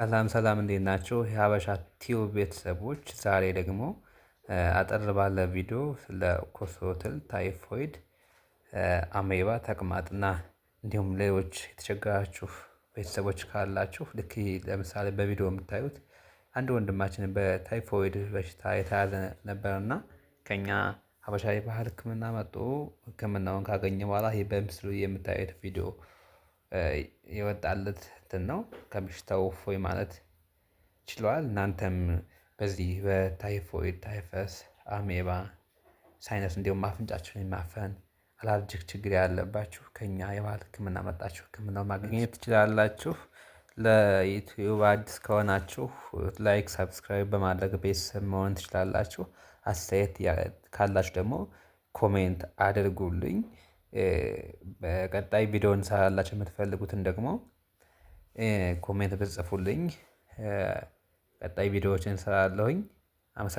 ሰላም ሰላም እንዴት ናቸው የሀበሻ ቲዩብ ቤተሰቦች ዛሬ ደግሞ አጠር ባለ ቪዲዮ ስለ ኮሶትል፣ ታይፎይድ፣ አሜባ፣ ተቅማጥና እንዲሁም ሌሎች የተቸገራችሁ ቤተሰቦች ካላችሁ ልክ ለምሳሌ በቪዲዮ የምታዩት አንድ ወንድማችን በታይፎይድ በሽታ የተያዘ ነበርና ከኛ ሀበሻ የባህል ሕክምና መጡ ሕክምናውን ካገኘ በኋላ ይህ በምስሉ የምታዩት ቪዲዮ የወጣለት እንትን ነው ከበሽታው እፎይ ማለት ችለዋል። እናንተም በዚህ በታይፎይድ፣ ታይፈስ፣ አሜባ፣ ሳይነስ እንዲሁም አፍንጫችሁን የማፈን አላርጂክ ችግር ያለባችሁ ከኛ የባህል ሕክምና መጣችሁ ሕክምናው ማግኘት ትችላላችሁ። ለዩቲዩብ አዲስ ከሆናችሁ ላይክ፣ ሰብስክራይብ በማድረግ ቤተሰብ መሆን ትችላላችሁ። አስተያየት ካላችሁ ደግሞ ኮሜንት አድርጉልኝ። በቀጣይ ቪዲዮ እንሰራላችሁ የምትፈልጉትን ደግሞ ኮሜንት ብጽፉልኝ ቀጣይ ቪዲዮዎችን እንሰራለሁኝ። አመሰግናለሁ።